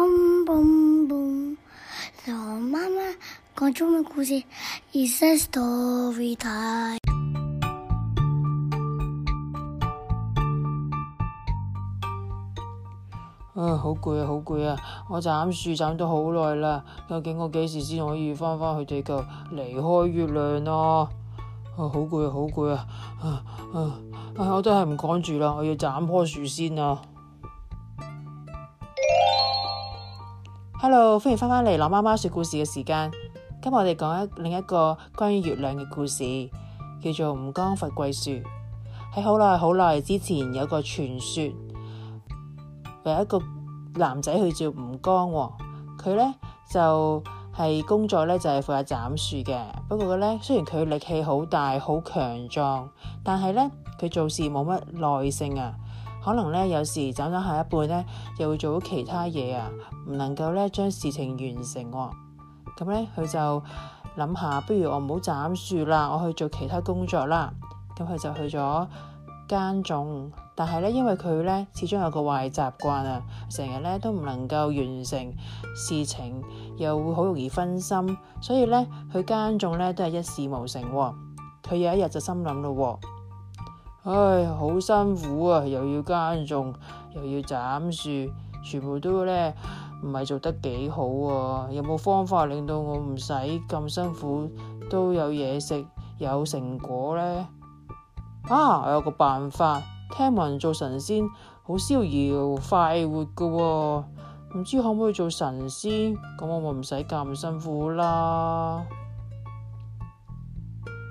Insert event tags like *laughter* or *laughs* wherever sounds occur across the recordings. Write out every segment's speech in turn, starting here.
b 媽媽講中文故事，係 story time。啊，好攰啊，好攰啊！我斬樹斬咗好耐啦，究竟我幾時先可以翻返去地球，離開月亮啊？呃、啊，好攰啊，好攰啊！啊啊啊！我都係唔趕住啦，我要斬棵樹先啊！hello，歡迎返返嚟《Hi 媽媽說故事》嘅時間。今日我哋講一另一個關於月亮嘅故事，叫做《吳剛伐桂樹》。喺好耐好耐之前，有個傳說，有一個男仔叫做吳剛，佢咧就係、是、工作咧就係負責斬樹嘅。不過咧，雖然佢力氣好大、好強壯，但係咧佢做事冇乜耐性啊。可能咧，有時斬咗下一半咧，又會做咗其他嘢啊，唔能夠咧將事情完成喎。咁咧，佢就諗下，不如我唔好斬樹啦，我去做其他工作啦。咁佢就去咗耕種，但係咧，因為佢咧始終有個壞習慣啊，成日咧都唔能夠完成事情，又會好容易分心，所以咧佢耕種咧都係一事無成喎。佢有一日就心諗咯喎。唉，好辛苦啊！又要耕種，又要斬樹，全部都咧唔係做得幾好啊！有冇方法令到我唔使咁辛苦都有嘢食，有成果咧？啊，我有個辦法，聽聞做神仙好逍遙快活㗎喎，唔知可唔可以做神仙？咁我咪唔使咁辛苦啦！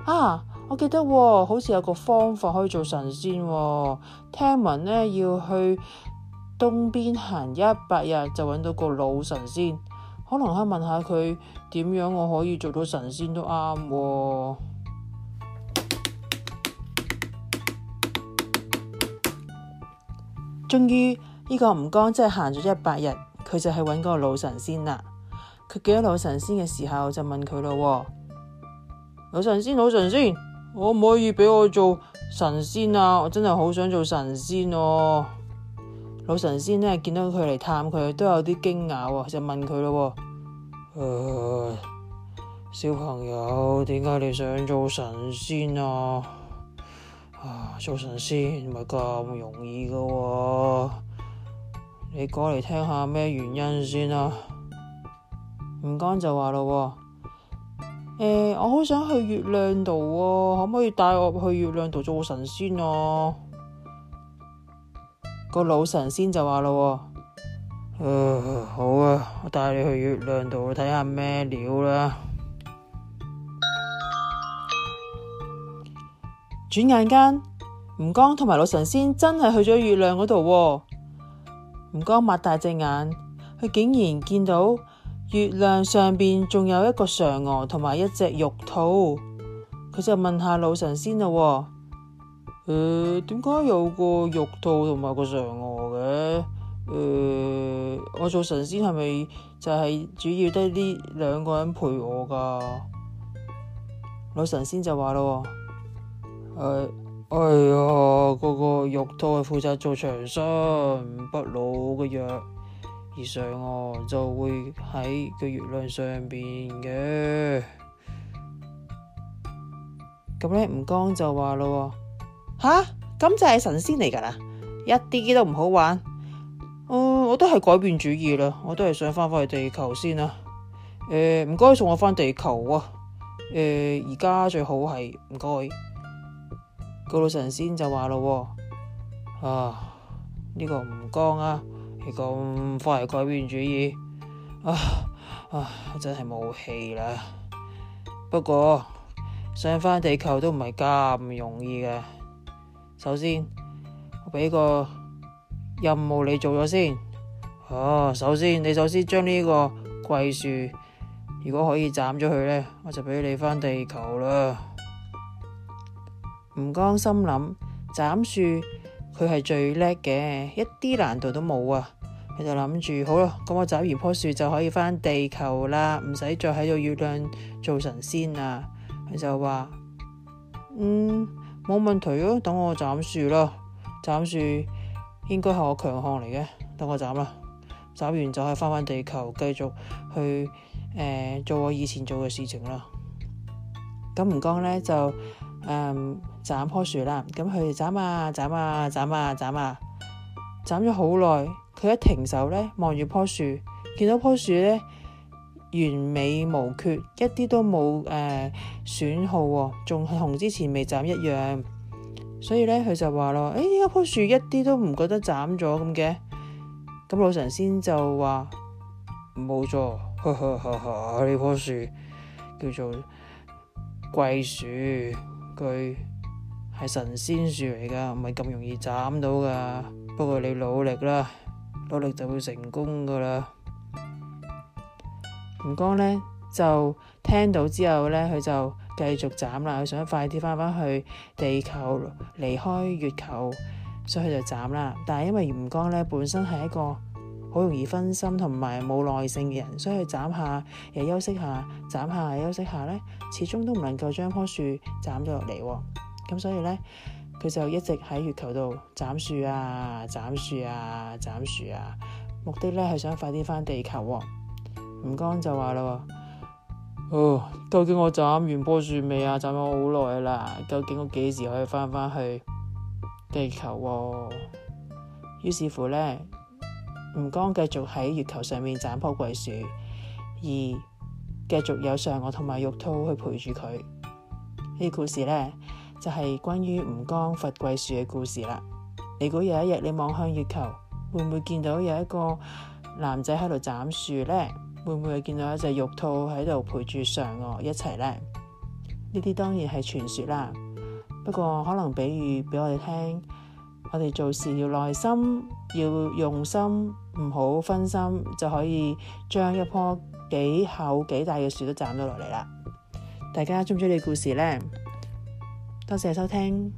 啊！我記得、哦、好似有個方法可以做神仙、哦。聽聞呢，要去東邊行一百日就揾到個老神仙，可能可以問下佢點樣我可以做到神仙都啱、哦。終於呢個吳剛真係行咗一百日，佢就去揾嗰個老神仙啦。佢見到老神仙嘅時候就問佢咯、哦，老神仙，老神仙。可唔可以畀我做神仙啊！我真係好想做神仙哦、啊。老神仙呢見到佢嚟探佢，都有啲驚訝啊，就問佢咯、啊。誒、呃，小朋友，點解你想做神仙啊？啊，做神仙唔係咁容易噶、啊。你過嚟聽下咩原因先啦、啊。吳剛就話咯、啊。誒、欸，我好想去月亮度哦、啊，可唔可以帶我去月亮度做神仙啊？個老神仙就話啦、啊，誒、呃，好啊，我帶你去月亮度睇下咩料啦。轉 *noise* 眼間，吳剛同埋老神仙真係去咗月亮嗰度、啊。吳剛擘大隻眼，佢竟然見到。月亮上邊仲有一個嫦娥同埋一隻玉兔，佢就問下老神仙咯、哦，點、呃、解有個玉兔同埋個嫦娥嘅？我做神仙係咪就係主要得呢兩個人陪我噶？老神仙就話啦、哦，誒、呃，係、哎、啊，嗰、那個玉兔係負責做長生不老嘅藥。以上我就會喺個月亮上邊嘅。咁咧，吳剛就話啦：吓，咁就係神仙嚟噶啦，一啲都唔好玩。哦、呃，我都係改變主意啦，我都係想翻返去地球先啦、啊。誒、呃，唔該送我翻地球啊。誒、呃，而家最好係唔該。個老神仙就話啦：啊，呢個吳剛啊。你咁快改變主意啊！啊，真係冇氣啦。不過上翻地球都唔係咁容易嘅。首先，我俾個任務你做咗先。哦，首先你首先將呢個桂樹，如果可以斬咗佢呢，我就俾你翻地球啦。吳剛心諗，斬樹，佢係最叻嘅，一啲難度都冇啊！佢就諗住好咯，咁我斬完棵樹就可以返地球啦，唔使再喺度月亮做神仙啦。佢就話：嗯，冇問題咯，等我斬樹啦。斬樹應該係我強項嚟嘅，等我斬啦。斬完就可以返返地球，繼續去誒、呃、做我以前做嘅事情啦。咁吳剛咧就誒斬、呃、棵樹啦。咁佢斬啊斬啊斬啊斬啊，斬咗好耐。佢一停手咧，望住樖樹，見到樖樹咧，完美無缺，一啲都冇誒損耗，哦，仲同之前未斬一樣。所以咧，佢就話咯：誒、哎，呢樖樹一啲都唔覺得斬咗咁嘅。咁老神仙就話冇錯，呢 *laughs* *laughs* *laughs* 棵樹叫做桂樹，佢係神仙樹嚟噶，唔係咁容易斬到噶。不過你努力啦。努力就會成功噶啦！吳剛咧就聽到之後咧，佢就繼續斬啦，佢想快啲翻返去地球，離開月球，所以佢就斬啦。但係因為吳剛咧本身係一個好容易分心同埋冇耐性嘅人，所以佢斬下又休息下，斬下又休息下咧，始終都唔能夠將棵樹斬咗落嚟喎。咁所以咧。佢就一直喺月球度斬樹啊、斬樹啊、斬樹啊、斬樹啊，目的咧係想快啲翻地球，哦。吳剛就話啦，哦，哦，究竟我斬完棵樹未啊？斬咗好耐啦，究竟我幾時可以翻翻去地球？於是乎咧，吳剛繼續喺月球上面斬棵桂樹，而繼續有嫦娥同埋玉兔去陪住佢。呢個故事咧。就係關於吳剛伐桂樹嘅故事啦。你估有一日你望向月球，會唔會見到有一個男仔喺度斬樹呢？會唔會見到一隻玉兔喺度陪住嫦娥一齊呢？呢啲當然係傳說啦。不過可能比喻俾我哋聽，我哋做事要耐心，要用心，唔好分心，就可以將一棵幾厚幾大嘅樹都斬咗落嚟啦。大家中唔中意故事呢？多謝收聽。